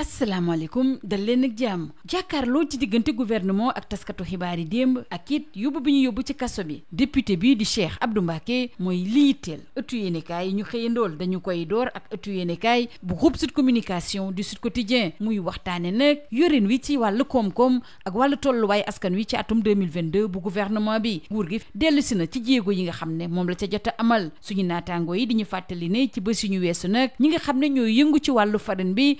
asalaamaaleykum dal leen ak jàmm jàkkaarloo ci diggante gouvernement ak taskatu xibaar yi démb ak it yóbbu bi ñu yóbbu ci kaso bi député bii di Cheikh Abdou Mbacké mooy lii teel ëttu yéenekaay yi ñu xëyandool dañu koy door ak ëttu yéenekaay bu groupe su Communication du Sud Quotidien muy waxtaane nag yorin wi ci wàllu koom-koom ak wàllu tolluwaay askan wi ci atum 2022 bu gouvernement bi nguur gi dellu si na ci jéego yi nga xam ne moom la ca jot amal suñu naataangoo yi di ñu fàttali ne ci bés yu ñu weesu nag ñi nga xam ne ñooy yëngu ci wàllu farine bi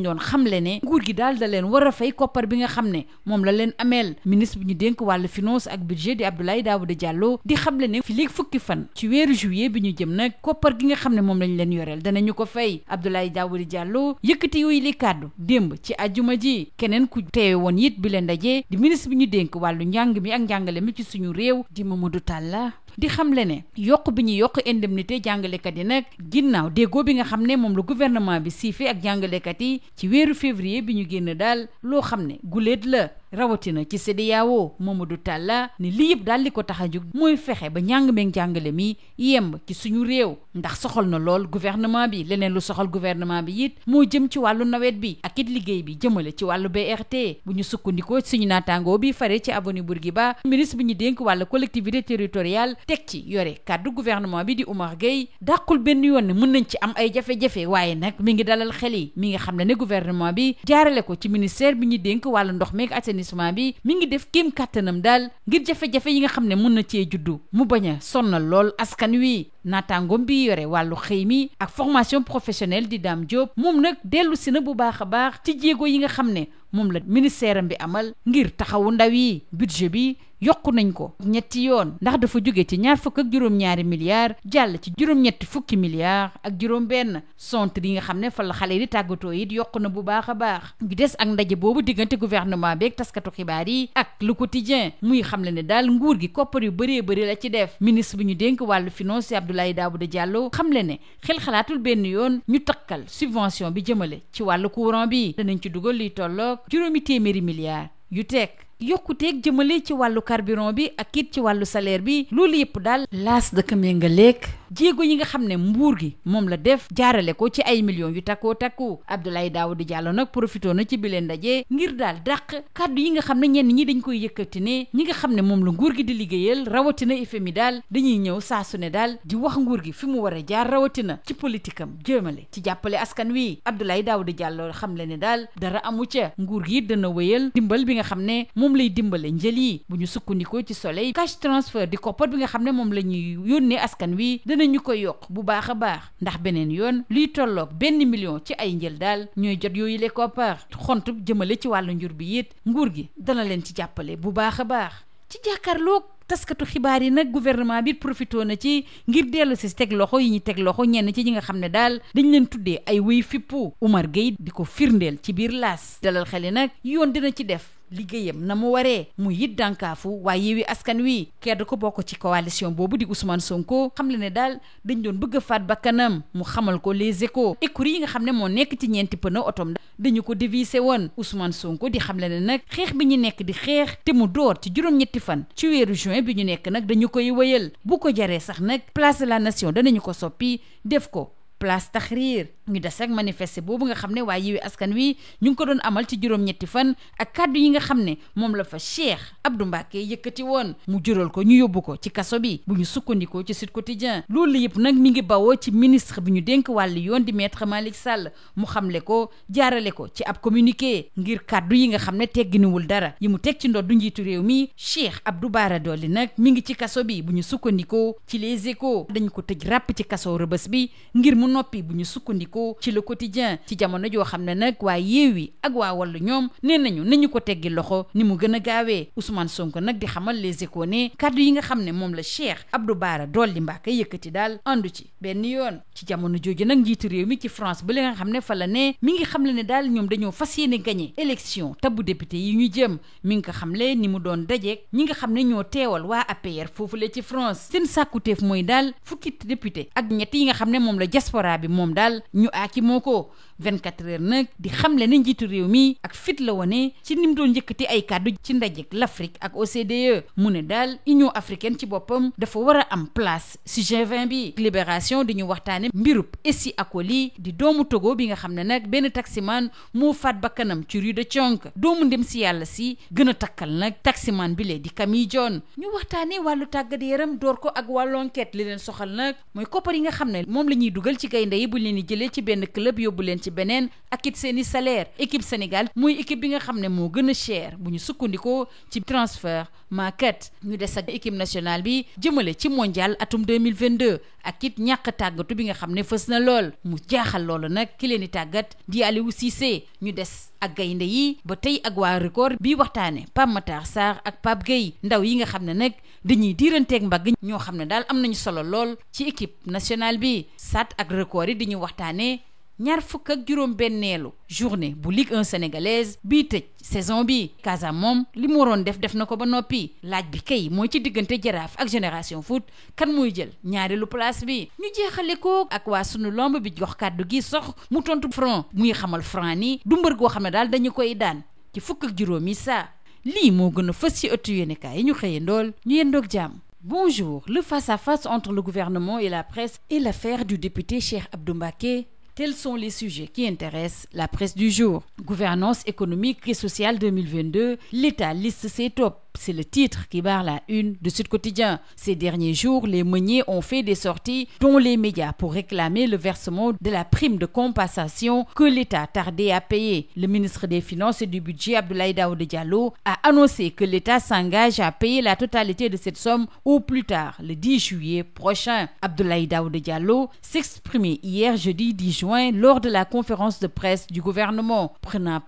dañ doon xamle ne nguur gi daal da leen war a fay koppar bi nga xam ne moom la leen ameel ministre bi ñu dénk wàllu finance ak budget di Abdoulaye Daouda jàlloo di xamle ne fi léegi fukki fan ci weeru juillet bi ñu jëm nag koppar gi nga xam ne moom lañ leen yoreel danañu ko fay Abdoulaye Daouda jàlloo yëkkati yooyu li kàddu démb ci ajuma ji keneen ku teewe woon it bi leen dajee di ministre bi ñu dénk wàllu njàng mi ak njàngale mi ci suñu réew di Mamadou Talla di xam le ne yokk bi ñu yokk indemnité jàngalekat yi nag ginnaaw déggoo bi nga xam ne moom la gouvernement bi siife ak jàngalekat yi ci weeru février bi ñu génn daal loo xam ne guléet la rawatina ci CEDEAO Mamadou Talla ne lii yëpp daal di ko tax a jóg mooy fexe ba njàng meng jàngale mi yemb ci suñu réew ndax soxal na lool gouvernement bi leneen lu soxal gouvernement bi it moo jëm ci wàllu nawet bi ak it liggéey bi jëmale ci wàllu BRT bu ñu sukkandikoo suñu naataangoo bi faree ci gi Bourguiba ministre bi ñu dénk wàllu collectivité territoriale teg ci yore kàddu gouvernement bi di Oumar Gueye dàqul benn yoon ne mun nañ ci am ay jafe waaye nag mi ngi dalal xel yi mi nga xam ne ne gouvernement bi jaarale ko ci ministère bi ñu dénk wàllu ndox meeg assainissement bi mi ngi def kéem kàttanam daal ngir jafe-jafe yi nga xam ne mun na cee juddu mu bañ a sonnal lool askan wi naataangoom bi yore wàllu xëy mi ak formation professionnelle di Dame Diop moom nag dellu si na bu baax a baax ci jéego yi nga xam ne moom la ministère am bi amal ngir taxawu ndaw yi bi yokk nañ ko ñetti yoon ndax dafa jóge ci ñaar fukk ak juróom-ñaari milliards jàll ci juróom-ñetti fukki milliards ak juróom-benn centre yi nga xam ne fa la xale yi di tàggatoo it yokk na bu baax a baax gi des ak ndaje boobu diggante gouvernement beeg taskatu xibaar yi ak le quotidien muy xam le ne daal nguur gi koppar yu baree bëri la ci def ministre bi ñu dénk wàllu finance Abdoulaye Daouda jàlloo xam ne ne xel xalaatul benn yoon ñu takkal subvention bi jëmale ci wàllu courant bi danañ ci dugal liy tolloog juróomi téeméeri milliards yu teg yokkuteeg jëmale ci wàllu carburant bi ak it ci wàllu salaire bi loolu yëpp daal laas dëkk méngaleeg jéego yi nga xam ne mbuur gi moom la def jaarale ko ci ay millions yu takkoo takku Abdoulaye Daouda Diallo nag profité na ci bileen ndaje ngir daal dàq kàddu yi nga xam ne ñenn ñi dañ koy yëkkati ne ñi nga xam ne moom la nguur gi di liggéeyal rawatina FMI daal dañuy ñëw saa su ne daal di wax nguur gi fi mu war a jaar rawatina ci politique am jéemale ci jàppale askan wi Abdoulaye Daouda Diallo xam le ne daal dara amu ca nguur gi dana wéyal dimbal bi nga xam ne moom lay dimbale njël yi bu ñu sukkandikoo ci soleil cash transfert di koppar bi nga xam ne moom la ñuy yónnee askan wi dinañu ko yokk bu baax a baax ndax beneen yoon luy tolloog benn million ci ay njël daal ñooy jot yooyu le koppar xontu jëmale ci wàllu njur bi it nguur gi dana leen ci jàppale bu baax a baax ci jàkkaarloog taskatu xibaar yi nag gouvernement bi profité na ci ngir dellu si teg loxo yi ñu teg loxo ñenn ci ñi nga xam ne daal dañu leen tuddee ay wéy fippu Umar Gueye di ko firndeel ci biir laas dalal xel nag yoon dina ci def liggéeyam na mu waree mu yit dànkaafu waaye Yewwi Askan Wi kedd ko bokk ci coalition boobu di Ousmane Sonko xam le ne daal dañu doon bëgg a faat bakkanam mu xamal ko les échos écurie yi nga xam ne moo nekk ci ñeenti pën pëna otom dañu ko dévisé woon Ousmane Sonko di xam le ne nag xeex bi ñu nekk di xeex te mu door ci juróom-ñetti fan ci weeru juin bi ñu nekk nag dañu koy wëyal bu ko jaree sax nag place de la nation danañu ko soppi def ko place Tahrir ñu des rek manifester boobu nga xam ne waaye Yewwi Askan Wi ñu ngi ko doon amal ci juróom-ñetti fan ak kàddu yi nga xam ne moom la fa Cheikh Abdou Mbacke yëkkati woon mu jural ko ñu yóbbu ko ci kaso bi bu ñu sukkandikoo ci Sud Quotidien loolu yëpp nag mi ngi bawoo ci ministre bi ñu dénk wàllu yoon di maître Malick Sall mu xamle ko jaarale ko ci ab communiqué ngir kàddu yi nga xam ne tegginiwul dara yi mu teg ci ndoddu njiitu réew mi Cheikh Abdou Bara Dolly nag mi ngi ci kaso bi bu ñu sukkandikoo ci Les Échos dañ ko tëj ràpp ci kaso rëbës bi ngir mu noppi bu ñu sukkandikoo ko ci le quotidien ci jamono joo xam ne nag waa Yewwi ak waa Wallu ñoom nee nañu nañu ko teggi loxo ni mu gën a gaawee Ousmane Sonko nag di xamal les échos ne kàddu yi nga xam ne moom la Cheikh Abdou Bara Dolly Mbacké yëkkati daal andu ci benn yoon ci jamono jooju nag njiitu réew mi ci France ba li nga xam ne fa la ne mi ngi xam le daal ñoom dañoo fas yéene gagné élection tabu député yi ñu jëm mi ngi ko xamle ni mu doon dajeek ñi nga xam ne ñoo teewal waa APR foofu la ci France seen sàkkuteef mooy daal fukki député ak ñett yi nga xam ne moom la diaspora bi moom daal ñu aakimoo ko 24 heures nag di xamle ne njiitu réew mii ak fit la wone ci nim doon yëkkati ay kàddu ci ndajeg l'Afrique ak OCDE mu ne daal Union africaine ci boppam dafa war a am place si g bi libération di ñu waxtaane mbirub Essi Akoli di doomu Togo bi nga xam ne nag benn taximaan moo faat bakkanam ci rue de Thionk doomu ndem si yàlla si gën a takkal nag taximaan bi lee di Camille John ñu waxtaane wàllu tàggat yaram door ko ak wàllu enquête li leen soxal nag mooy koppar yi nga xam ne moom la ñuy dugal ci gaynde yi bu leen di jëlee ci benn club yóbbu leen ci beneen ak it seen i salaire équipe Sénégal muy équipe bi nga xam ne moo gën a cher bu ñu sukkandikoo ci transfert market ñu des ak équipe nationale bi jëmale ci mondial atum deux mille vingt deux ak it ñàkk tàggatu bi nga xam ne fës na lool mu jaaxal loolu nag ki leen di tàggat di Aliou Cissé ñu des. ak gaynde yi ba tey ak waa record bi waxtaane Pape Matar Sarr ak Pape Gueye ndaw yi nga xam ne nag dañuy diiranteeg mbagg ñoo xam ne daal am nañu solo lool ci équipe nationale bi sat ak yi di ñu waxtaanee ñaar fukk ak juróom-benneelu journée bu Ligue 1 sénégalaise bii tëj saison bi Casa moom li mu waroon def def na ko ba noppi laaj bi kay mooy ci diggante jaraaf ak génération foot kan mooy jël ñaareelu place bi. ñu jeexale ko ak waa sunu lomb bi jox kàddu gi sox mu tontu franc muy xamal franc ni du mbër goo xam ne daal dañu koy daan ci fukk ak juróomi saa lii moo gën a fës ci ëttu yéenekaay yi ñu xëyee ndool ñu yendoog jàmm. Bonjour. Le face-à-face -face entre le gouvernement et la presse est l'affaire du député Cheikh Abdoumbake Tels sont les sujets qui intéressent la presse du jour. Gouvernance économique et sociale 2022, l'État liste ses tops. C'est le titre qui barre la une de Sud Quotidien. Ces derniers jours, les meuniers ont fait des sorties, dont les médias, pour réclamer le versement de la prime de compensation que l'État tardait à payer. Le ministre des Finances et du Budget, Abdoulaye Daoud Diallo, a annoncé que l'État s'engage à payer la totalité de cette somme au plus tard, le 10 juillet prochain. Abdoulaye Daoud Diallo s'exprimait hier jeudi 10 juin lors de la conférence de presse du gouvernement. Prenant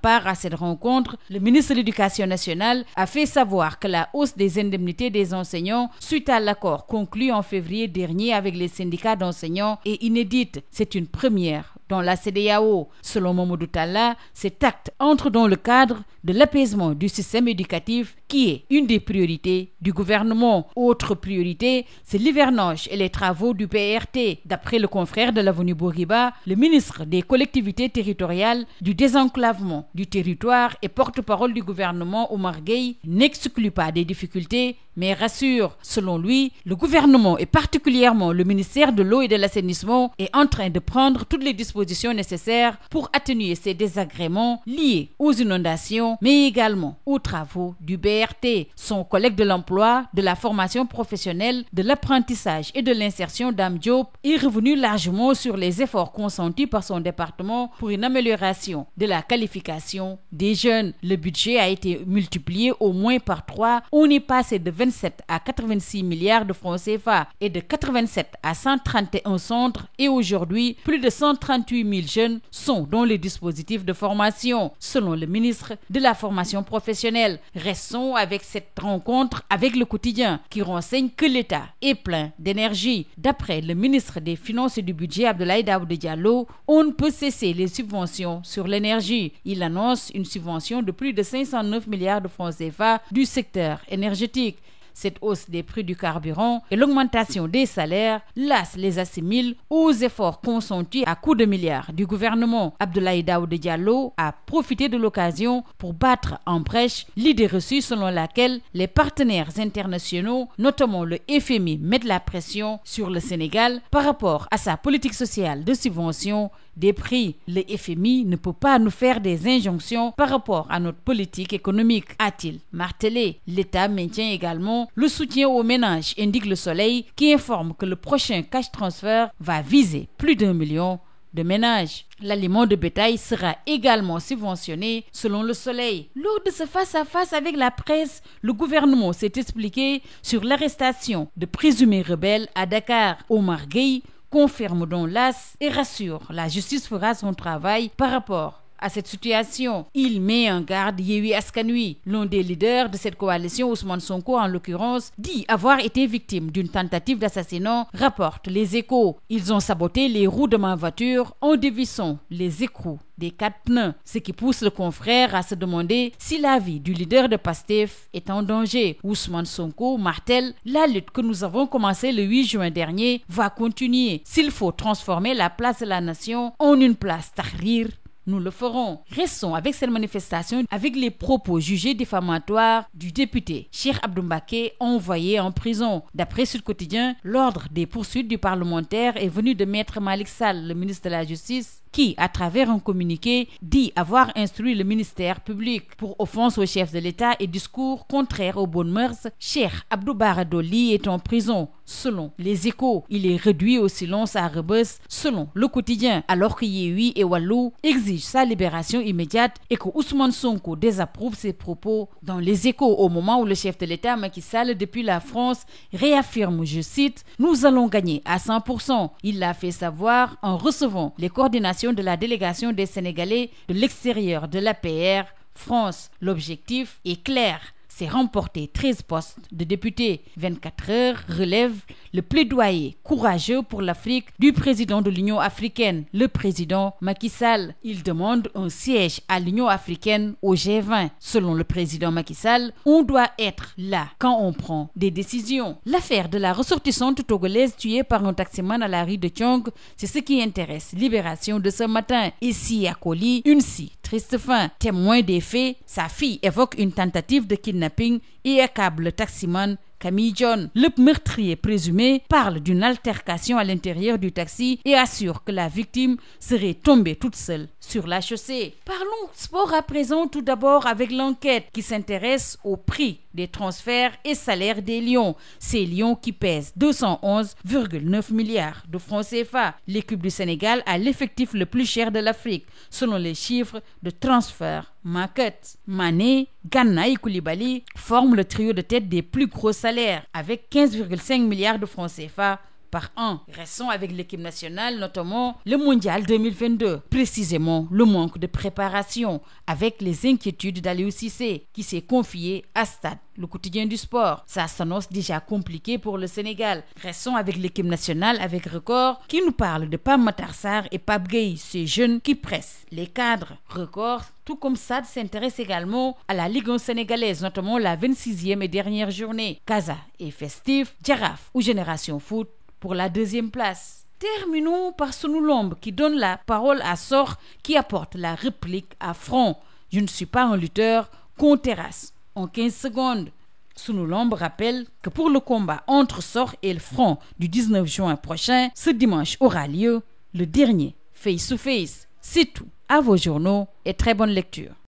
le ministre de nationale a marque la hausse des indemnités des enseignants suite à l'accord conclu en février dernier avec les syndicats d'enseignants et inédite. C'est une première dans la CEDEAO. Selon Mamadou Talla, cet acte entre dans le cadre de l'apaisement du système éducatif qui est une des priorités du gouvernement. Autre priorité, c'est l'hivernage et les travaux du PRT. D'après le confrère de l'avenue Bourguiba, le ministre des collectivités territoriales, du désenclavement du territoire et porte-parole du gouvernement Omar Gueye n'exclut pas des difficultés mais rassure. Selon lui, le gouvernement et particulièrement le ministère de l'eau et de l'assainissement est en train de prendre toutes les dispositions nécessaires pour atténuer ces désagréments CRT, son collègue de l'emploi, de la formation professionnelle, de l'apprentissage et de l'insertion Dame Diop est revenu largement sur les efforts consentis par son département pour une amélioration de la qualification des jeunes. Le budget a été multiplié au moins par trois. On est passé de 27 à 86 milliards de francs CFA et de 87 à 131 centres et aujourd'hui, plus de 138 000 jeunes sont dans les dispositifs de formation, selon le ministre de la formation professionnelle. terminons avec cette rencontre avec le quotidien qui renseigne que l'État est plein d'énergie. D'après le ministre des Finances et du Budget, Abdoulaye Daouda Diallo, on ne peut cesser les subventions sur l'énergie. Il annonce une subvention de plus de 509 milliards de francs CFA du secteur énergétique. Cette hausse des prix du carburant et l'augmentation des salaires, l'AS les assimile aux efforts consentis à coups de milliards du gouvernement. Abdoulaye Daouda Diallo a profité de l'occasion pour battre en brèche l'idée reçue selon laquelle les partenaires internationaux, notamment le FMI, mettent la pression sur le Sénégal par rapport à sa politique sociale de subvention des prix. Le FMI ne peut pas nous faire des injonctions par rapport à notre politique économique, a-t-il martelé. L'État maintient également le soutien aux ménages, indique le Soleil, qui informe que le prochain cash transfert va viser plus d'un million de ménages. L'aliment de bétail sera également subventionné selon le soleil. Lors de ce face-à-face -face avec la presse, le gouvernement s'est expliqué sur l'arrestation de présumés rebelles à Dakar. confirme donc l'AS et rassure. La justice fera son travail par rapport à cette situation. Il met en garde Yewwi Askan Wi. L'un des leaders de cette coalition, Ousmane Sonko en l'occurrence, dit avoir été victime d'une tentative d'assassinat, rapporte Les Échos. Ils ont saboté les roues de ma voiture en dévissant les écrous des quatre pneus, ce qui pousse le confrère à se demander si la vie du leader de Pastef est en danger. Ousmane Sonko martèle la lutte que nous avons commencée le 8 juin dernier va continuer s'il faut transformer la place la nation en une place Tahrir Nous le ferons. Restons avec cette manifestation avec les propos jugés diffamatoires du député Cheikh Abdoumbake envoyé en prison. D'après Sud Quotidien, l'ordre des poursuites du parlementaire est venu de Maître Malik sal le ministre de la Justice qui, à travers un communiqué, dit avoir instruit le ministère public pour offense au chef de l'État et discours contraire aux bonnes mœurs. Cheikh Abdou Bara Dolly est en prison, selon les échos. Il est réduit au silence à Rebeuss, selon le quotidien, alors que Yewwi et Wallu exigent sa libération immédiate et que Ousmane Sonko désapprouve ses propos dans les échos au moment où le chef de l'État Macky Sall depuis la France réaffirme, je cite, Nous allons gagner à Il l'a fait savoir en présentation de la délégation des Sénégalais de l'extérieur de pr France. L'objectif est clair s'est remporté 13 postes de député. 24 heures relève le plaidoyer courageux pour l'Afrique du président de l'Union africaine, le président Macky Sall. Il demande un siège à l'Union africaine au G20. Selon le président Macky Sall, on doit être là quand on prend des décisions. L'affaire de la ressortissante togolaise tuée par un taximan à la rue de Tchong, c'est ce qui intéresse Libération de ce matin. Ici à Koli, une scie Christophe, témoin des faits, sa fille évoque une tentative de kidnapping et accable le taximan Camille John. Le meurtrier présumé parle d'une altercation à l'intérieur du taxi et assure que la victime serait tombée toute seule sur la chaussée. Sport à présent tout d'abord avec l'enquête qui s'intéresse au prix des transferts et salaires des Lions. Ces Lions qui pèsent 211,9 milliards de francs CFA. L'équipe du Sénégal a l'effectif le plus cher de l'Afrique, selon les chiffres de transfert market. Mané, Ghana et Koulibaly forment le trio de tête des plus gros salaires, avec 15,5 milliards de francs CFA par an. Restons avec l'équipe nationale, notamment le mondial 2022. Précisément, le manque de préparation avec les inquiétudes d'Aliou Cissé qui s'est confié à Stade le quotidien du sport. Ça s'annonce déjà compliqué pour le Sénégal. Restons avec l'équipe nationale, avec Record, qui nous parle de Pam Matarsar et Pape Gueye, ces jeunes qui pressent les cadres. Record, tout comme SAD, s'intéresse également à la Ligue 1 sénégalaise, notamment la 26e et dernière journée. Casa est Génération Foot pour la deuxième place. Terminons par Sunulombe qui donne la parole à Sor qui apporte la réplique à Front. Je ne suis pas un lutteur qu'on terrasse en 15 secondes. Sunulombe rappelle que pour le combat entre Sor et le Front du 19 juin prochain, ce dimanche aura lieu le dernier face-to-face. C'est tout. À vos journaux et très bonne lecture.